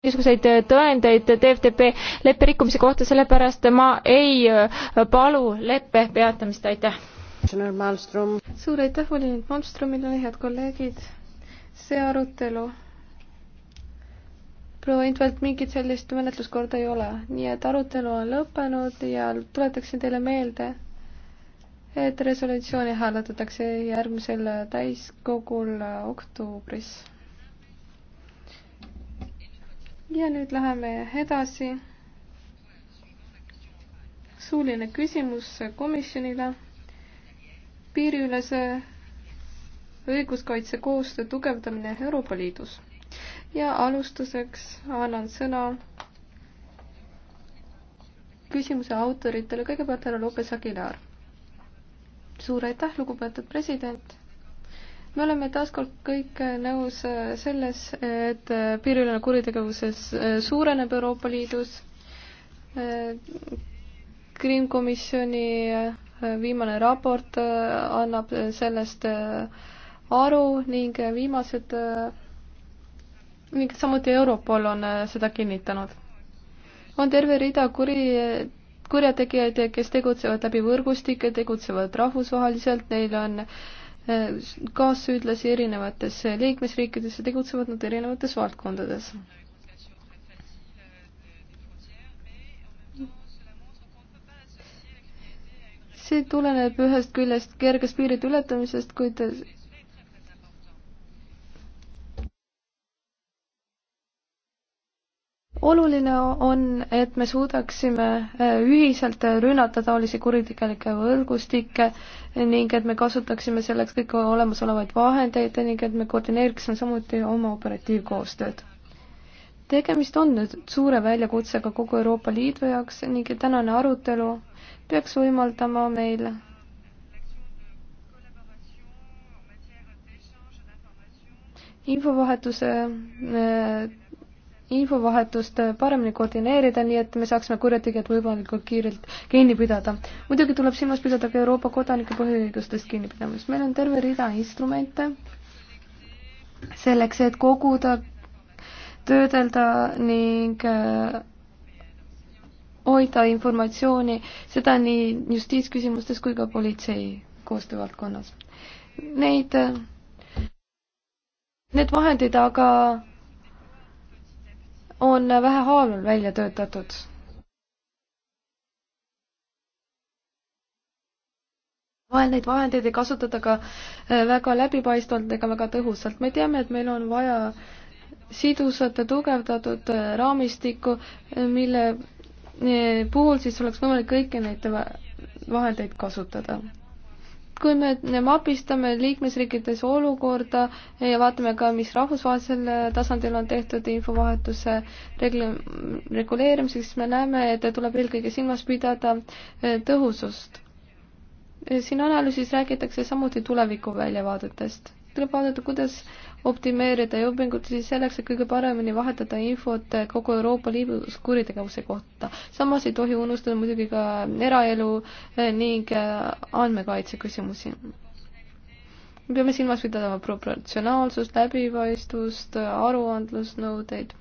mingisuguseid äh, tõendeid DFDP leppe rikkumise kohta, sellepärast ma ei äh, palu leppe peatamist, aitäh. suur aitäh volinik Malmströmile, head kolleegid. see arutelu. proua Intvelt, mingit sellist menetluskorda ei ole, nii et arutelu on lõppenud ja tuletaksin teile meelde, et resolutsiooni hääletatakse järgmisel täiskogul oktoobris ja nüüd läheme edasi. suuline küsimus komisjonile. piiriülese õiguskaitse koostöö tugevdamine Euroopa Liidus. ja alustuseks annan sõna küsimuse autoritele, kõigepealt härra Lopez Aguilar. suur aitäh, lugupeetud president me oleme taaskord kõik äh, nõus äh, selles, et äh, piiriülene kuritegevuses suureneb Euroopa Liidus. Krimm komisjoni viimane raport annab sellest aru ning viimased, ning samuti Europol on seda kinnitanud. on terve rida kuri, kurjategijaid, kes tegutsevad läbi võrgustike, tegutsevad rahvusvaheliselt, neil on äh, kaassüüdlasi erinevates liikmesriikides ja tegutsevad nad erinevates valdkondades. see tuleneb ühest küljest kergest piiride ületamisest, kuid oluline on, et me suudaksime äh, ühiselt rünnata taolisi kuritegelikke võrgustikke ning et me kasutaksime selleks kõiki olemasolevaid vahendeid ning et me koordineeriksime samuti oma operatiivkoostööd. tegemist on nüüd suure väljakutsega kogu Euroopa Liidu jaoks ning tänane arutelu peaks võimaldama meil infovahetuse äh, infovahetust paremini koordineerida, nii et me saaksime kurjategijad võimalikult kiirelt kinni pidada. muidugi tuleb silmas pidada ka Euroopa kodanike põhiõigustest kinnipidamist. meil on terve rida instrumente selleks, et koguda, töödelda ning äh, hoida informatsiooni, seda nii justiitsküsimustes kui ka politsei koostöövaldkonnas. Neid, äh, need vahendid aga on vähehaaval välja töötatud. vahel neid vahendeid ei kasutata ka äh, väga läbipaistvalt ega väga tõhusalt. me teame, et meil on vaja sidusat ja tugevdatud äh, raamistikku, äh, mille puhul siis oleks võimalik kõiki neid vahendeid kasutada kui me mapistame liikmesriikides olukorda ja vaatame ka, mis rahvusvahelisel tasandil on tehtud infovahetuse regli-, reguleerimiseks, siis me näeme, et tuleb eelkõige silmas pidada eh, tõhusust. Eh, siin analüüsis räägitakse samuti tuleviku väljavaadetest. tuleb vaadata, kuidas optimeerida jõupingutusi selleks, et kõige paremini vahetada infot kogu Euroopa Liidus kuritegevuse kohta. samas ei tohi unustada muidugi ka eraelu eh, ning eh, andmekaitse küsimusi. me peame silmas pidama proportsionaalsust, läbipaistvust, aruandlusnõudeid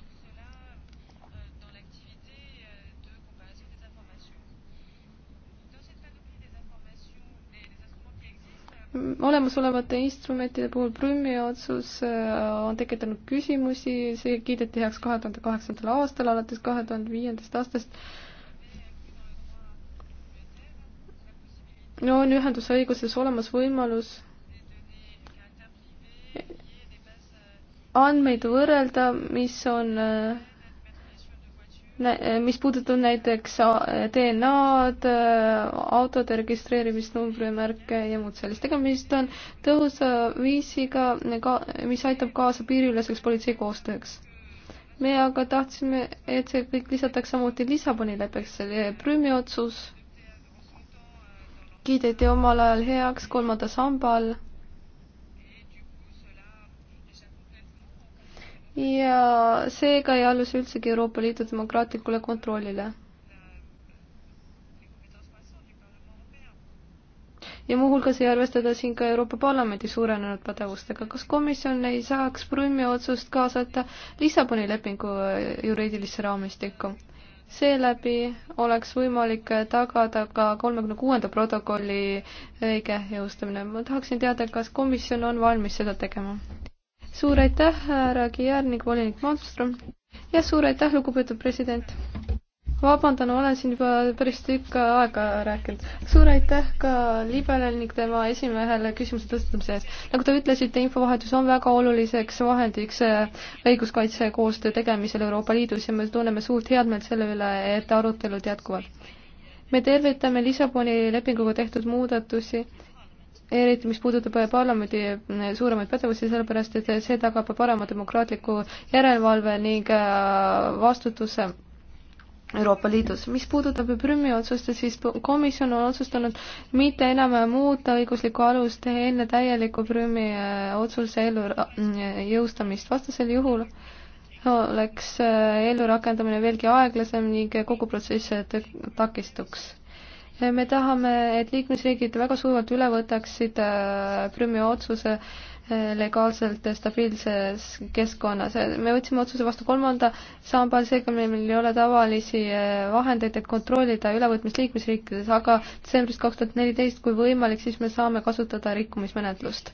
olemasolevate instrumentide puhul Prümi otsus äh, on tekitanud küsimusi, see kiideti heaks kahe tuhande kaheksandal aastal, alates kahe tuhande viiendast aastast no on ühendusõiguses olemas võimalus andmeid võrrelda, mis on äh, mis puudutab näiteks äh, DNA-d, äh, autode registreerimist, numbrimärke ja muud sellist. tegemist on tõhusa viisiga, mis aitab kaasa piiriüleseks politsei koostööks. me aga tahtsime, et see kõik lisataks samuti Lissaboni leppeks, see Prümi otsus kiideti omal ajal heaks kolmanda samba all ja seega ei allu see üldsegi Euroopa Liidu demokraatlikule kontrollile. ja muuhulgas ei arvestada siin ka Euroopa Parlamendi suurenenud pädevustega. kas komisjon ei saaks Prümi otsust kaasata Lissaboni lepingu juriidilisse raamistikku? seeläbi oleks võimalik tagada ka kolmekümne kuuenda protokolli õige jõustamine. ma tahaksin teada, kas komisjon on valmis seda tegema? suur aitäh, härra Kiiar ning volinik Malmström. ja suur aitäh, lugupeetud president. vabandan, olen siin juba päris tükk aega rääkinud. suur aitäh ka Liibelel ning tema esimehele küsimuse tõstatamise eest. nagu te ütlesite, infovahetus on väga oluliseks vahendiks õiguskaitse koostöö tegemisel Euroopa Liidus ja me tunneme suurt headmeelt selle üle, et arutelud jätkuvad. me tervitame Lissaboni lepinguga tehtud muudatusi eriti mis puudutab äh, parlamendi äh, suuremaid pädevusi, sellepärast et äh, see tagab parema demokraatliku järelevalve ning vastutuse Euroopa Liidus. mis puudutab Prümi otsust, siis komisjon on otsustanud mitte enam muuta õiguslikku alust enne täielikku Prümi otsuse ellu jõustamist, vastasel juhul oleks ellu rakendamine veelgi aeglasem ning kogu protsess takistuks me tahame, et liikmesriigid väga sujuvalt üle võtaksid äh, Prümi otsuse äh, legaalselt stabiilses keskkonnas. me võtsime otsuse vastu kolmanda samba, seega meil ei ole tavalisi äh, vahendeid, et kontrollida ülevõtmist liikmesriikides, aga detsembrist kaks tuhat neliteist, kui võimalik, siis me saame kasutada rikkumismenetlust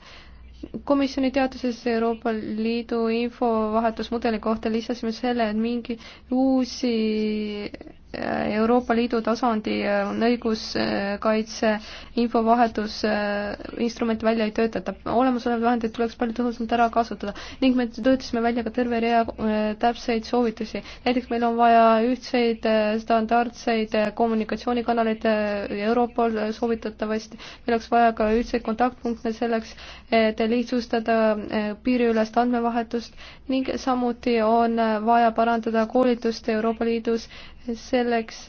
komisjoni teaduses Euroopa Liidu infovahetusmudeli kohta lisasime selle, et mingi uusi Euroopa Liidu tasandi äh, on õiguskaitse äh, infovahetus äh, instrumente välja ei töötata. olemasolevaid vahendeid tuleks palju tõhusamalt ära kasutada ning me töötasime välja ka terve rea täpseid soovitusi. näiteks meil on vaja ühtseid standardseid kommunikatsioonikanaleid Europol soovitatavasti, meil oleks vaja ka ühtseid kontaktpunkte selleks, et lihtsustada piiriülest andmevahetust ning samuti on vaja parandada koolitust Euroopa Liidus selleks,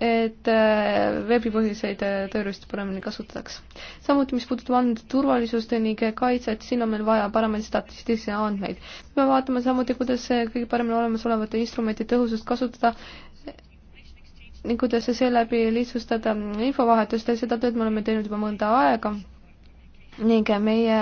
et äh, veebipõhiseid äh, tööriistu paremini kasutataks. samuti, mis puudutab andmete turvalisust ning kaitset, siin on meil vaja paremaid statistilisi andmeid. me peame vaatama samuti, kuidas äh, kõige paremini olemasolevate instrumentide tõhusust kasutada ning kuidas seeläbi lihtsustada infovahetust ja seda tööd me oleme teinud juba mõnda aega ning meie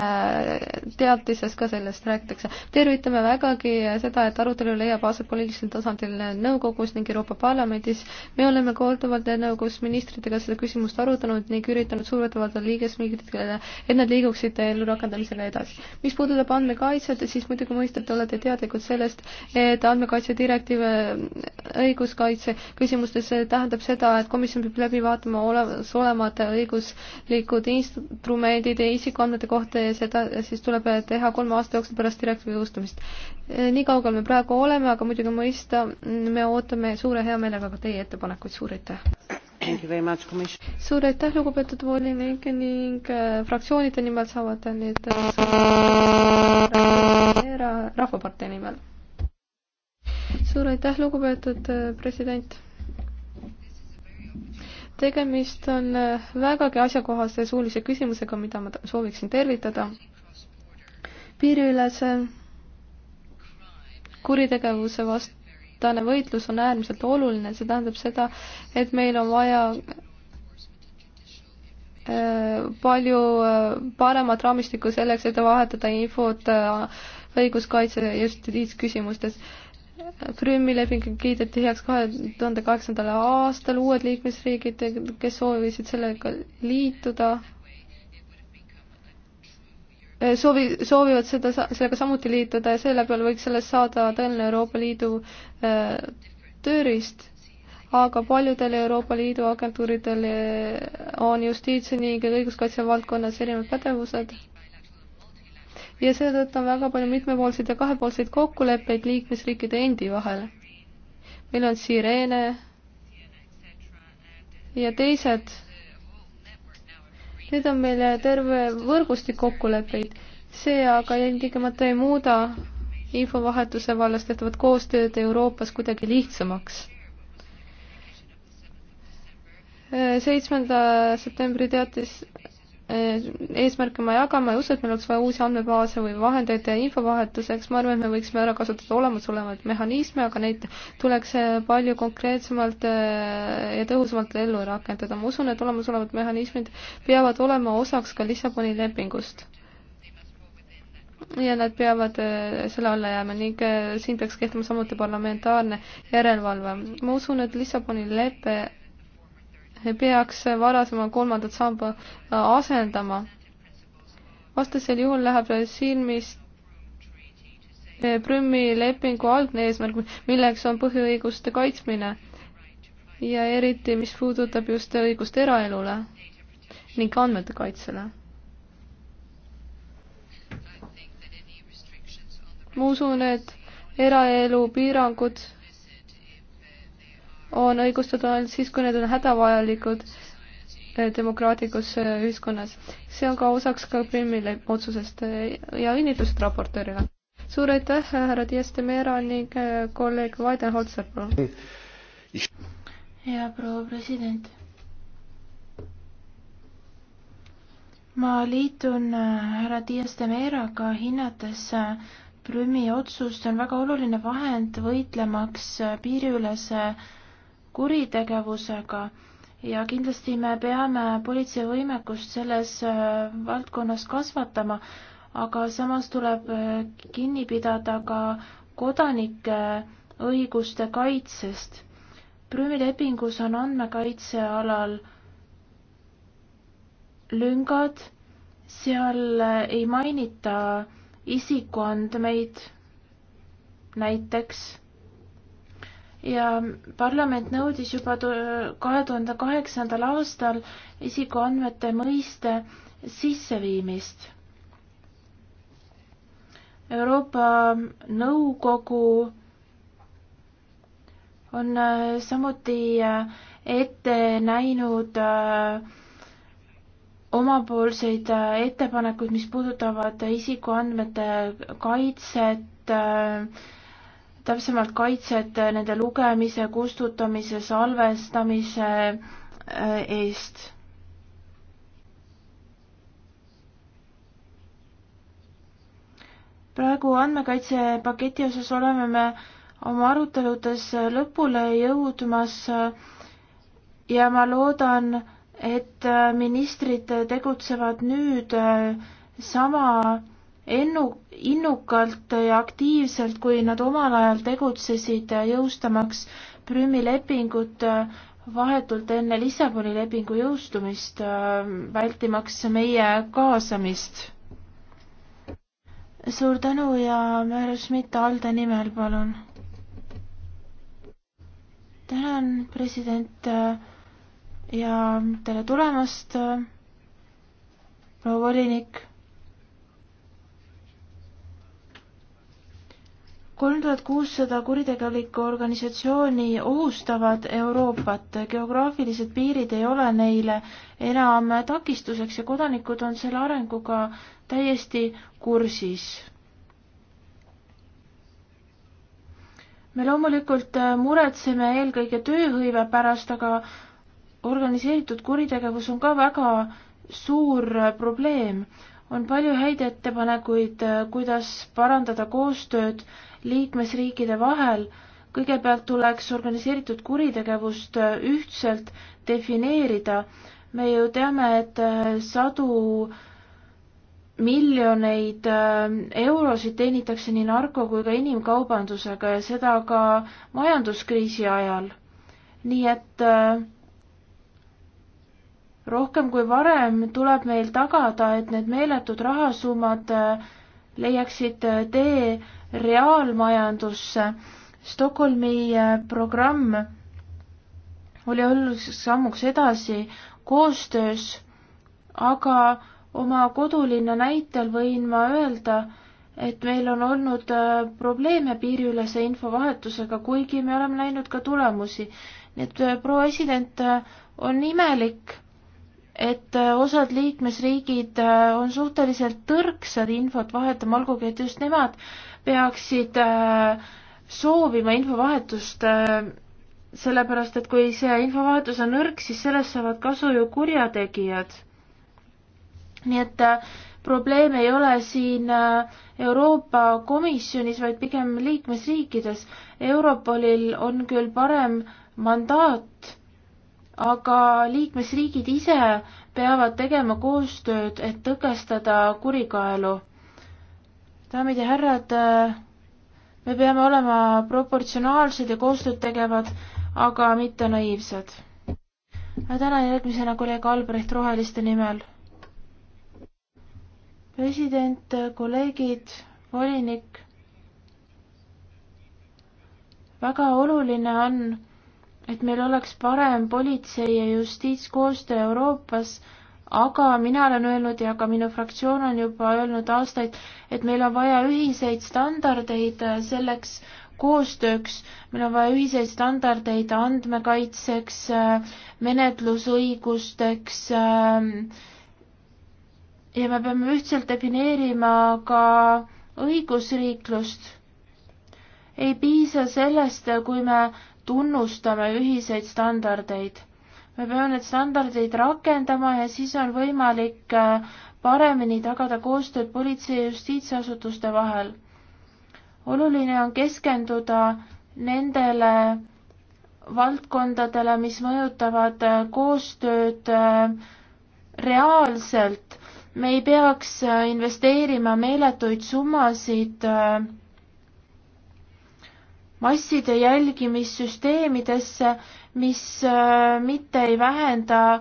teatises ka sellest räägitakse. tervitame vägagi seda, et arutelu leiab aset poliitilisel tasandil nõukogus ning Euroopa Parlamendis. me oleme korduvalt nõukogus ministritega seda küsimust arutanud ning üritanud survetavaldada liigesmingitele, et nad liiguksid elu rakendamisele edasi. mis puudutab andmekaitset, siis muidugi mõistate, olete teadlikud sellest, et andmekaitse direktiiv õiguskaitse küsimustes tähendab seda, et komisjon peab läbi vaatama olemas olevad õiguslikud instrumendid, isikuandmete kohta ja seda siis tuleb teha kolme aasta jooksul pärast direktiivi jõustumist. Eh, nii kaugel me praegu oleme, aga muidugi mõista, mm, me ootame suure heameelega ka teie ettepanekuid, suur aitäh! suur aitäh, lugupeetud volinik ning eh, fraktsioonide nimel saavad need eh, rahvapartei nimel. suur aitäh, lugupeetud president! tegemist on äh, vägagi asjakohase suulise küsimusega, mida ma sooviksin tervitada. piiriülese kuritegevuse vastane võitlus on äärmiselt oluline, see tähendab seda, et meil on vaja äh, palju äh, paremat raamistikku selleks, et vahetada infot õiguskaitse ja justiitsküsimustes. Prümi leping kiideti heaks kahe tuhande kaheksandal aastal, uued liikmesriigid, kes soovisid sellega liituda, soovi, soovivad seda, sellega samuti liituda ja seeläbi võiks sellest saada tõeline Euroopa Liidu äh, tööriist, aga paljudel Euroopa Liidu agentuuridel äh, on justiits- ning õiguskaitse valdkonnas erinevad pädevused ja seetõttu on väga palju mitmepoolseid ja kahepoolseid kokkuleppeid liikmesriikide endi vahel. meil on Sirene ja teised. Need on meil terve võrgustik kokkuleppeid, see aga ilmtingimata ei muuda infovahetuse vallas tehtavat koostööd Euroopas kuidagi lihtsamaks seitsmenda septembri teatis Eh, eesmärke ma jagan, ma ei usu, et meil oleks vaja uusi andmebaase või vahendeid infovahetuseks, ma arvan, et me võiksime ära kasutada olemasolevaid mehhanisme, aga neid tuleks eh, palju konkreetsemalt eh, ja tõhusamalt ellu rakendada. ma usun, et olemasolevad mehhanismid peavad olema osaks ka Lissaboni lepingust. ja nad peavad selle alla jääma ning siin peaks kehtima samuti parlamentaarne järelevalve. ma usun, et Lissaboni lepe peaks varasema kolmandat samba asendama. vastasel juhul läheb silmist Prümmi lepingu algne eesmärk, milleks on põhiõiguste kaitsmine ja eriti, mis puudutab just õigust eraelule ning andmete kaitsele. ma usun, et eraelu piirangud on õigustatud ainult siis, kui need on hädavajalikud eh, demokraatlikus eh, ühiskonnas. see on ka osaks ka Krimmi otsusest eh, ja õnnitlused raportöörile. suur aitäh, härra Diestemera ning kolleeg Weidenholzer, palun. hea proua president. ma liitun härra Diestemeraga, hinnates Prümi otsust on väga oluline vahend võitlemaks piiriülese kuritegevusega ja kindlasti me peame politsei võimekust selles äh, valdkonnas kasvatama, aga samas tuleb äh, kinni pidada ka kodanike õiguste kaitsest. Prümi lepingus on andmekaitse alal lüngad, seal äh, ei mainita isikuandmeid näiteks ja parlament nõudis juba kahe tuhande kaheksandal aastal isikuandmete mõiste sisseviimist. Euroopa Nõukogu on äh, samuti äh, ette näinud äh, omapoolseid ettepanekuid, mis puudutavad isikuandmete kaitset, täpsemalt kaitset nende lugemise, kustutamise, salvestamise äh, eest. praegu andmekaitsepaketi osas oleme me oma aruteludes lõpule jõudmas ja ma loodan, et ministrid tegutsevad nüüd sama ennu-, innukalt ja aktiivselt, kui nad omal ajal tegutsesid, äh, jõustamaks Prümi lepingut äh, vahetult enne Lissaboni lepingu jõustumist, äh, vältimaks meie kaasamist. suur tänu ja Määra Schmidt ALDE nimel, palun. tänan, president, ja tere tulemast, proua volinik kolm tuhat kuussada kuritegelikku organisatsiooni ohustavad Euroopat, geograafilised piirid ei ole neile enam takistuseks ja kodanikud on selle arenguga täiesti kursis. me loomulikult muretseme eelkõige tööhõive pärast, aga organiseeritud kuritegevus on ka väga suur probleem on palju häid ettepanekuid, äh, kuidas parandada koostööd liikmesriikide vahel. kõigepealt tuleks organiseeritud kuritegevust äh, ühtselt defineerida. me ju teame, et äh, sadu miljoneid eurosid teenitakse nii narko kui ka inimkaubandusega ja seda ka majanduskriisi ajal. nii et äh, rohkem kui varem tuleb meil tagada, et need meeletud rahasummad äh, leiaksid äh, tee reaalmajandusse. Stockholmi äh, programm oli oluliseks sammuks edasi koostöös, aga oma kodulinna näitel võin ma öelda, et meil on olnud probleeme piiriülese infovahetusega, kuigi me oleme näinud ka tulemusi. nii et proua president, on imelik, et äh, osad liikmesriigid äh, on suhteliselt tõrksad infot vahetama, olgugi et just nemad peaksid äh, soovima infovahetust, sellepärast et kui see infovahetus on nõrk, siis sellest saavad kasu ju kurjategijad. nii et probleem ei ole siin Euroopa Komisjonis, vaid pigem liikmesriikides. Europolil on küll parem mandaat aga liikmesriigid ise peavad tegema koostööd, et tõkestada kurikaelu. daamid ja härrad, me peame olema proportsionaalsed ja koostööd tegevad, aga mitte naiivsed. tänan järgmisena kolleeg Albrecht Roheliste nimel. president, kolleegid, volinik. väga oluline on et meil oleks parem politsei ja justiitskoostöö Euroopas, aga mina olen öelnud ja ka minu fraktsioon on juba öelnud aastaid, et meil on vaja ühiseid standardeid äh, selleks koostööks, meil on vaja ühiseid standardeid andmekaitseks, äh, menetlusõigusteks äh, ja me peame ühtselt defineerima ka õigusriiklust. ei piisa sellest, kui me tunnustame ühiseid standardeid. me peame need standardid rakendama ja siis on võimalik äh, paremini tagada koostööd politsei ja justiitsasutuste vahel. oluline on keskenduda nendele valdkondadele, mis mõjutavad äh, koostööd äh, reaalselt. me ei peaks investeerima meeletuid summasid äh, masside jälgimissüsteemidesse, mis äh, mitte ei vähenda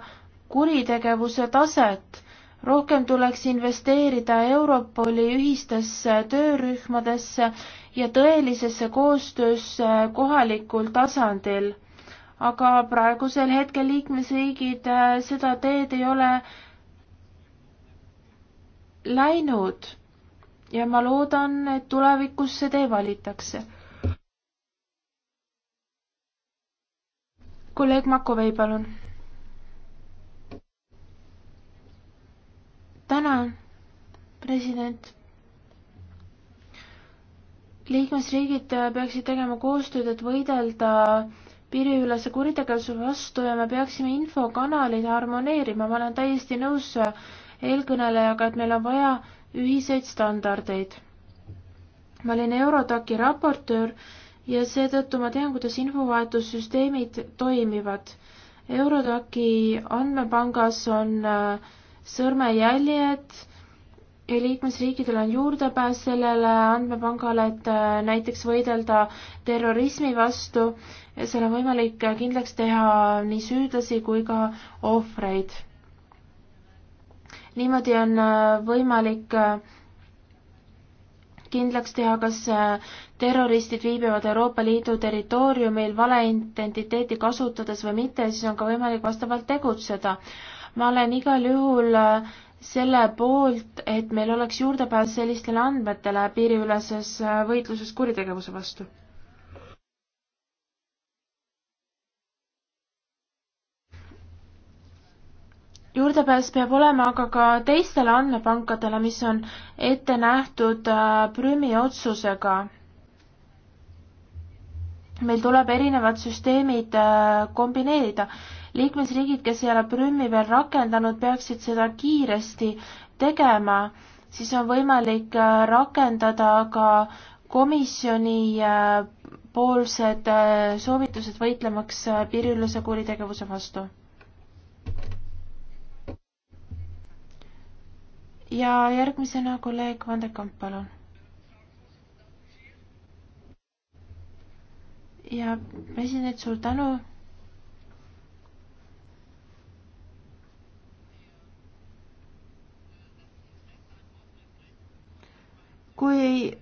kuritegevuse taset. rohkem tuleks investeerida Europoli ühistesse töörühmadesse ja tõelisesse koostöösse kohalikul tasandil. aga praegusel hetkel liikmesriigid äh, seda teed ei ole läinud ja ma loodan, et tulevikus seda ei valitakse kolleeg Makovei, palun. tänan, president. liikmesriigid peaksid tegema koostööd, et võidelda piiriülese kuritegevuse vastu ja me peaksime infokanalid harmoneerima, ma olen täiesti nõus eelkõnelejaga, et meil on vaja ühiseid standardeid. ma olin Eurotaki raportöör ja seetõttu ma tean, kuidas infovahetussüsteemid toimivad. Eurodaki andmepangas on äh, sõrmejäljed ja liikmesriikidel on juurdepääs sellele andmepangale, et äh, näiteks võidelda terrorismi vastu. seal on võimalik äh, kindlaks teha nii süüdlasi kui ka ohvreid. niimoodi on võimalik äh, kindlaks teha, kas äh, terroristid viibivad Euroopa Liidu territooriumil valeidentiteeti kasutades või mitte, siis on ka võimalik vastavalt tegutseda. ma olen igal juhul äh, selle poolt, et meil oleks juurdepääs sellistele andmetele piiriüleses äh, võitluses kuritegevuse vastu juurdepääs peab olema aga ka teistele andmepankadele, mis on ette nähtud äh, Prümi otsusega. meil tuleb erinevad süsteemid äh, kombineerida. liikmesriigid, kes ei ole Prümi veel rakendanud, peaksid seda kiiresti tegema, siis on võimalik äh, rakendada ka komisjoni poolsed soovitused võitlemaks piiriülese kuritegevuse vastu ja järgmisena kolleeg Vandekamp, palun. ja president, suur tänu. kui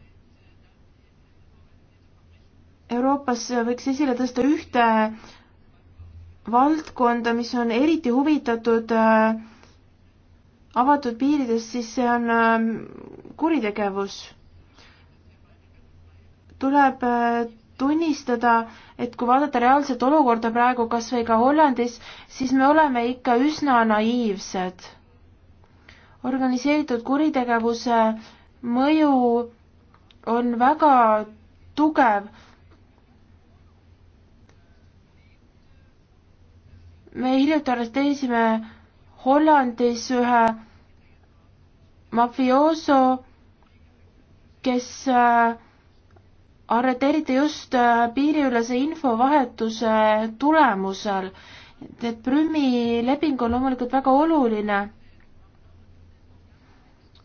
Euroopas võiks esile tõsta ühte valdkonda, mis on eriti huvitatud äh, avatud piirides, siis see on ähm, kuritegevus. tuleb äh, tunnistada, et kui vaadata reaalset olukorda praegu kas või ka Hollandis, siis me oleme ikka üsna naiivsed. organiseeritud kuritegevuse mõju on väga tugev. me hiljuti arresteerisime Hollandis ühe mafiooso, kes äh, arreteeriti just äh, piiriülese infovahetuse tulemusel. et Prümi leping on loomulikult väga oluline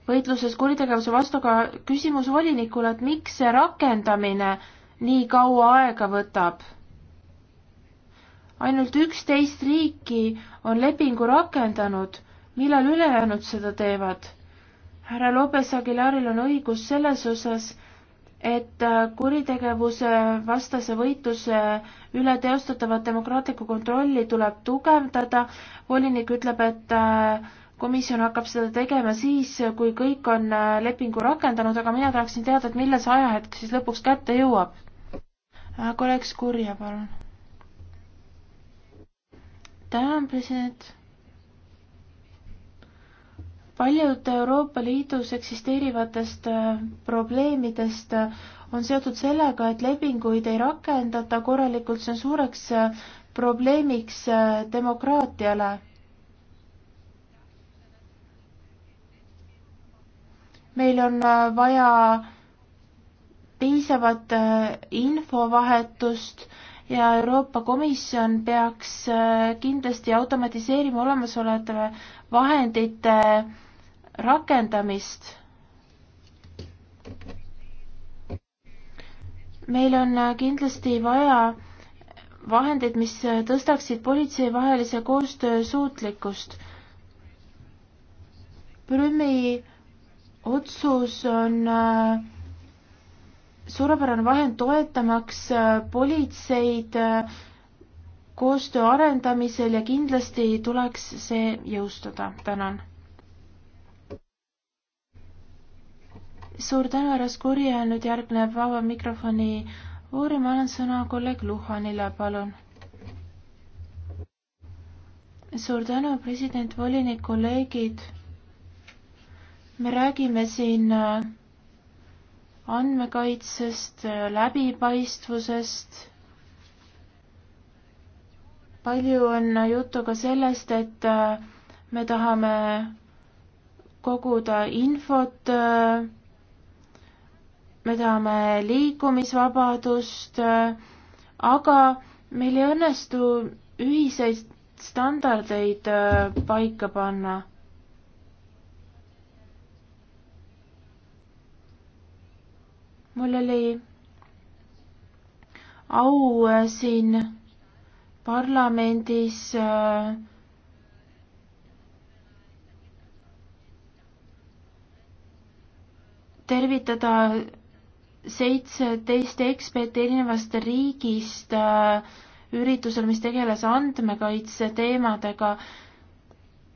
võitluses kuritegevuse vastu, aga küsimus volinikule, et miks see rakendamine nii kaua aega võtab? ainult üksteist riiki on lepingu rakendanud, millal ülejäänud seda teevad? härra Lopes Aguilaril on õigus selles osas, et äh, kuritegevuse vastase võitluse üle teostatavat demokraatlikku kontrolli tuleb tugevdada. volinik ütleb, et äh, komisjon hakkab seda tegema siis, kui kõik on äh, lepingu rakendanud, aga mina tahaksin teada, et millal see ajahetk siis lõpuks kätte jõuab. kolleeg Skurje, palun. tänan, president paljud Euroopa Liidus eksisteerivatest äh, probleemidest äh, on seotud sellega, et lepinguid ei rakendata korralikult, see on suureks äh, probleemiks demokraatiale. meil on vaja piisavat infovahetust ja Euroopa Komisjon peaks äh, kindlasti automatiseerima olemasolevate vahendite rakendamist. meil on äh, kindlasti vaja vahendeid, mis tõstaksid politseivahelise koostöö suutlikkust. Prümi otsus on äh, suurepärane vahend toetamaks äh, politseid äh, koostöö arendamisel ja kindlasti tuleks see jõustada. tänan. suur tänu, härra Skuri ja nüüd järgneb vaba mikrofoni voor ja ma annan sõna kolleeg Luhanile, palun. suur tänu, president, volinik, kolleegid. me räägime siin äh, andmekaitsest, läbipaistvusest. palju on juttu ka sellest, et äh, me tahame koguda infot, äh, me tahame liikumisvabadust, äh, aga meil ei õnnestu ühiseid standardeid paika panna mul oli au äh, siin parlamendis äh, tervitada seitseteist eksperti erinevast riigist äh, üritusel, mis tegeles andmekaitse teemadega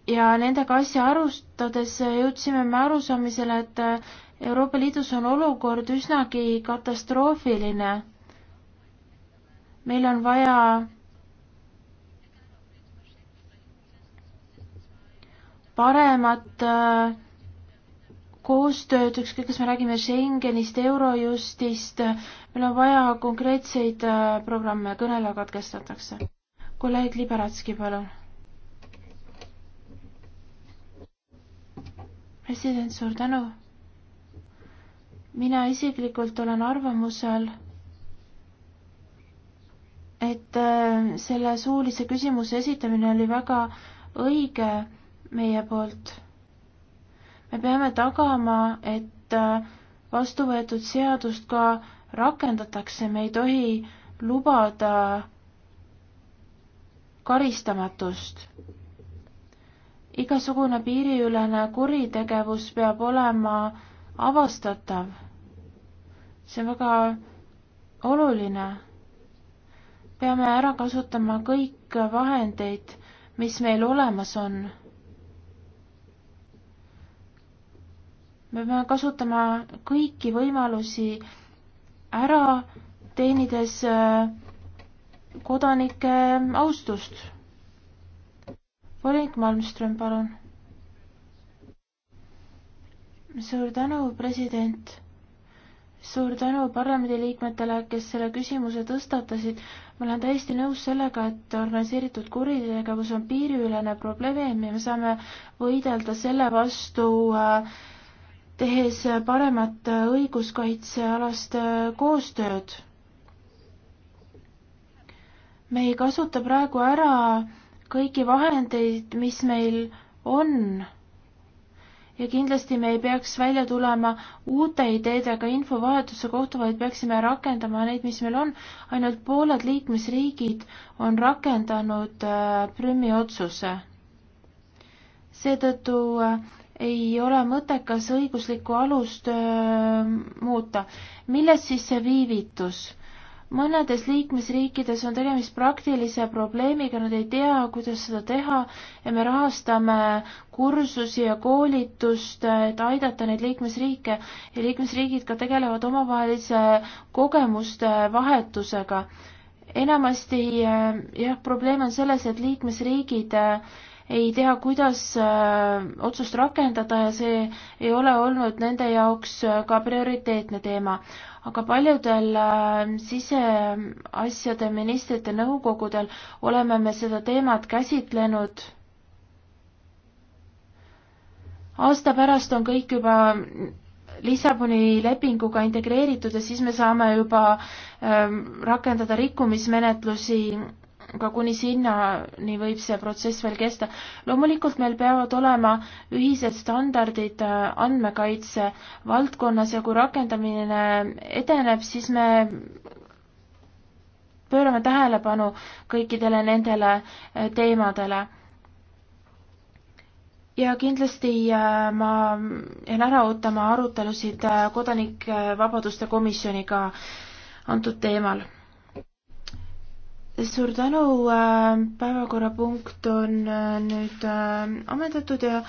ja nendega asja arutades jõudsime me arusaamisele, et Euroopa Liidus on olukord üsnagi katastroofiline. meil on vaja paremat äh, koostööd, ükskõik, kas me räägime Schengenist, Eurojustist, meil on vaja konkreetseid äh, programme, kõnele katkestatakse. kolleeg Liberatski, palun. president, suur tänu mina isiklikult olen arvamusel, et äh, selle suulise küsimuse esitamine oli väga õige meie poolt. me peame tagama, et äh, vastu võetud seadust ka rakendatakse, me ei tohi lubada karistamatust. igasugune piiriülene kuritegevus peab olema avastatav see on väga oluline. peame ära kasutama kõik vahendeid, mis meil olemas on. me peame kasutama kõiki võimalusi ära, teenides äh, kodanike ähm, austust. Polink Malmström, palun. suur tänu, president suur tänu parlamendiliikmetele, kes selle küsimuse tõstatasid. ma olen täiesti nõus sellega, et organiseeritud kuritegevus on piiriülene probleem ja me saame võidelda selle vastu äh, tehes paremat õiguskaitsealast äh, koostööd. me ei kasuta praegu ära kõiki vahendeid, mis meil on ja kindlasti me ei peaks välja tulema uute ideedega infovahetuse kohta, vaid peaksime rakendama neid, mis meil on. ainult pooled liikmesriigid on rakendanud äh, Prümi otsuse. seetõttu äh, ei ole mõttekas õiguslikku alust äh, muuta. milles siis see viivitus? mõnedes liikmesriikides on tegemist praktilise probleemiga, nad ei tea, kuidas seda teha ja me rahastame kursusi ja koolitust, et aidata neid liikmesriike ja liikmesriigid ka tegelevad omavahelise kogemuste vahetusega. enamasti äh, jah, probleem on selles, et liikmesriigid äh, ei tea, kuidas äh, otsust rakendada ja see ei ole olnud nende jaoks äh, ka prioriteetne teema. aga paljudel äh, siseasjade ministrite nõukogudel oleme me seda teemat käsitlenud. aasta pärast on kõik juba Lissaboni lepinguga integreeritud ja siis me saame juba rakendada rikkumismenetlusi aga kuni sinnani võib see protsess veel kesta. loomulikult meil peavad olema ühised standardid äh, andmekaitse valdkonnas ja kui rakendamine edeneb, siis me pöörame tähelepanu kõikidele nendele äh, teemadele. ja kindlasti äh, ma jään ära ootama arutelusid Kodanike Vabaduste Komisjoniga antud teemal suur tänu, äh, päevakorrapunkt on äh, nüüd äh, ammendatud ja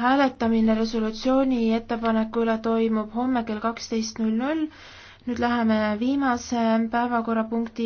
hääletamine resolutsiooni ettepaneku üle toimub homme kell kaksteist null null. nüüd läheme viimase päevakorrapunkti